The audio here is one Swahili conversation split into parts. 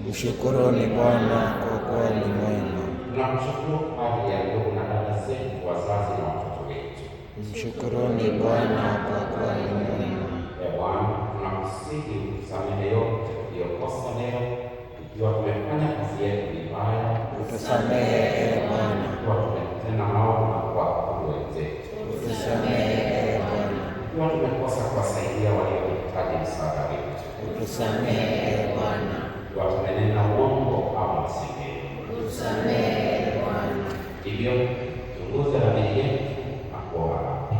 Mshukuruni Bwana kwa kuwa ni mwema. Tunamshukuru ya ndugu na dada zetu, wazazi na watoto wetu. Mshukuruni Bwana kwa kuwa ni mwema. Ee Bwana, tunakusihi utusamehe yote tuliyokosa leo, ikiwa tumefanya kazi yetu vibaya, utusamehe ee Bwana, ikiwa tumetenda maovu na wenzetu, utusamehe e Bwana, ikiwa tumekosa kuwasaidia waliohitaji msaada wetu, utusamehe e Bwana wamenena uongo Tusamehe Bwana. Hivyo dhamiri yetu na kuomba radhi.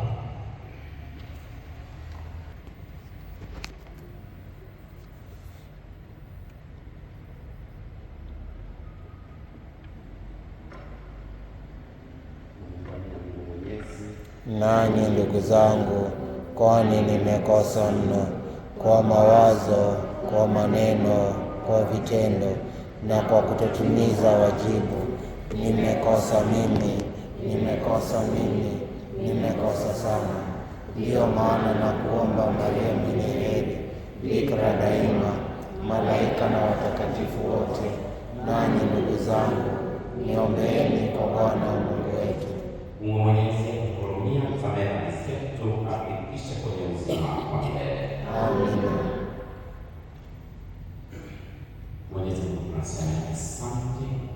Nanyi ndugu zangu, kwani nimekosa mno kwa mawazo, kwa maneno kwa vitendo na kwa kutotimiza wajibu. Nimekosa mimi, nimekosa mimi, nimekosa sana. Ndiyo maana na kuomba Maria mwenye heri, bikira daima, malaika na watakatifu wote, nanyi ndugu zangu, niombeeni kwa Bwana Mungu wetu. Mwenyezi msamehe na kwenye uzima wa milele. Amina. insieme santi,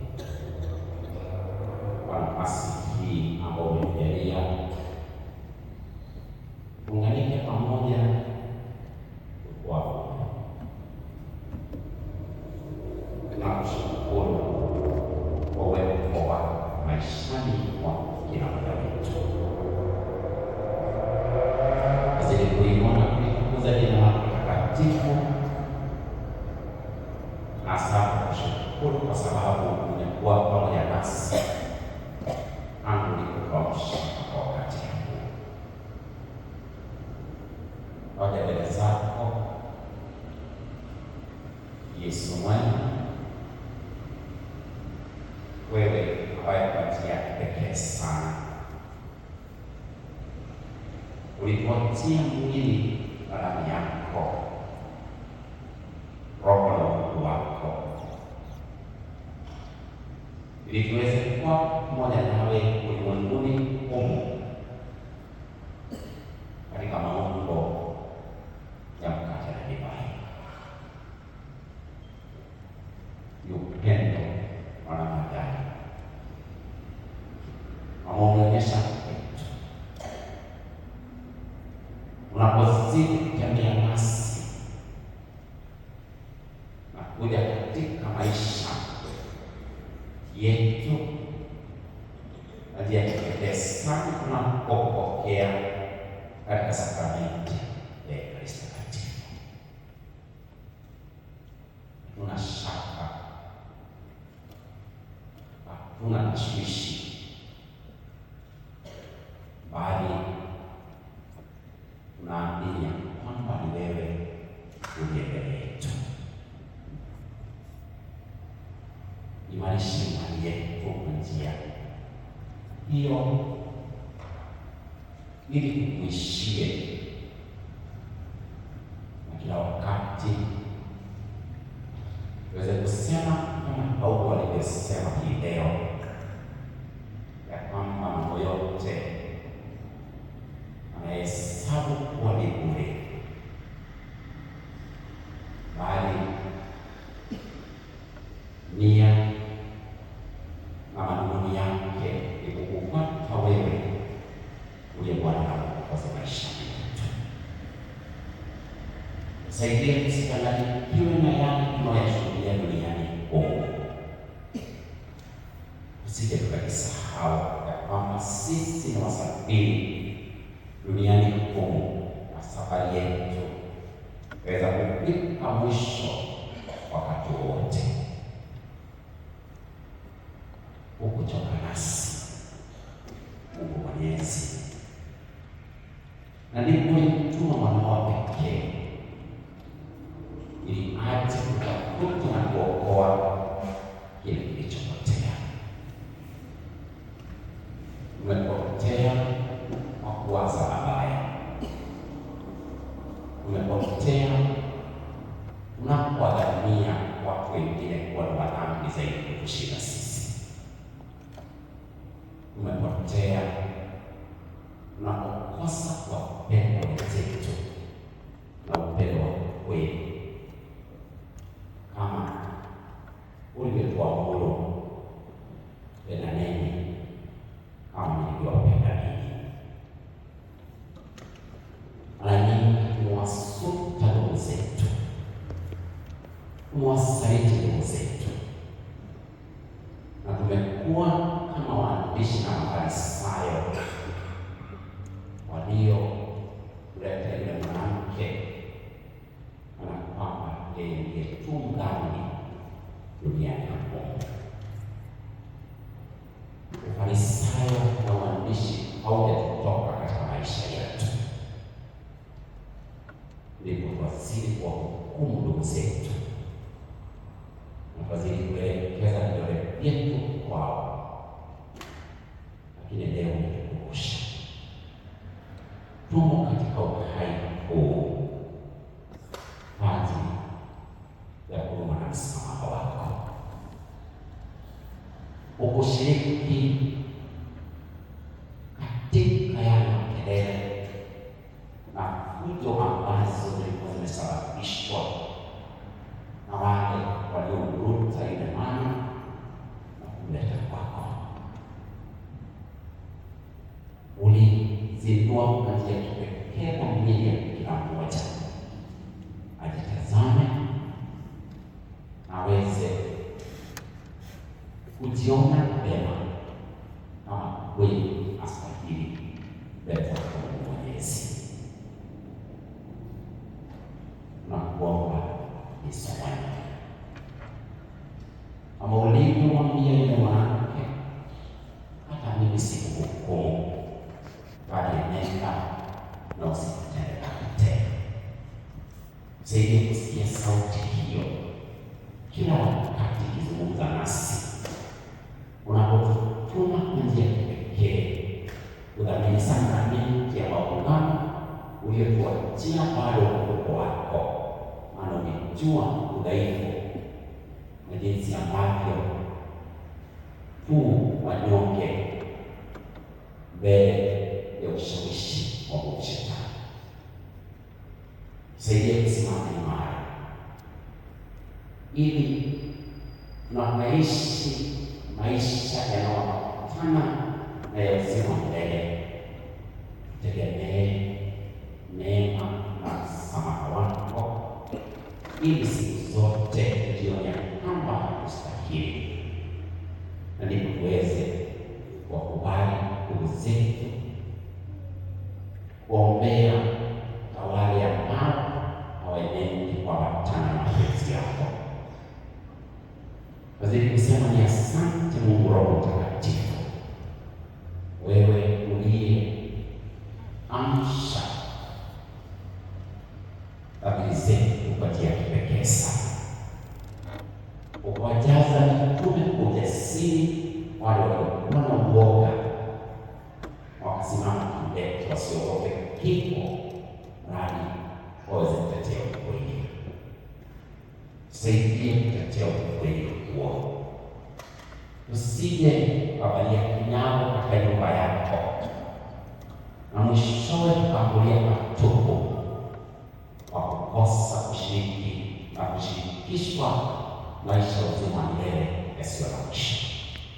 qual passar quei mozzigli di Rabianco, Romolo Luacco. Vedi queste qua moderne yetu aliyatekeleza tunapopokea katika sakramenti ya Ekaristi Takatifu. Hatuna shaka, hatuna tashwishi hiyo ili kukuishie na kila wakati uweze kusema kama ukuchoka nasi uko Mwenyezi, na ndipo alimtuma mwana wa pekee ili aje kutafuta na kuokoa kile kilichopotea. Umepotea kwa kuwaza mabaya, umepotea wasakwa dan iya, iya. Mungu ndani duniani hapo. Ufarisayo na uandishi haujatoka katika maisha yetu, ndipo tuazidi kwa hukumu ndugu zetu. mateka yanayokelele na fujo ambazo zilikuwa zimesababishwa na wale waliovuruta ile mana na kumleta kwako. Ulizindua kwa njia ya kipekee familia ya kila mmoja ajitazame aweze kujiona kumwambia mume wake, hata mimi sikuhukumu, bali nenda na usitende dhambi tena. Msaidie kusikia sauti hiyo kila wakati ikizungumza nasi, unapotutuma kwa njia ya kipekee. Udhamini sana miti ya maungano uliotuachia bado watoto wako, maana umejua udhaifu huu wanyonge mbele ya ushawishi wa nguvu shetani. Saidia kusimama imara, ili tunapaishi maisha yanayoambatana na ya uzima mbele. Tegemee neema na msamaha wako ili Biblia inasema ni asante Mungu Roho Mtakatifu, wewe uliye amsha akili zetu kupatia kipekee sana, ukawajaza mitume ujasiri wale usije ukabalia kinao katika nyumba yako, na mwishowe kukambulia matupu kwa kukosa kushiriki na kushirikishwa maisha uzima milele yasiyo na mwisho.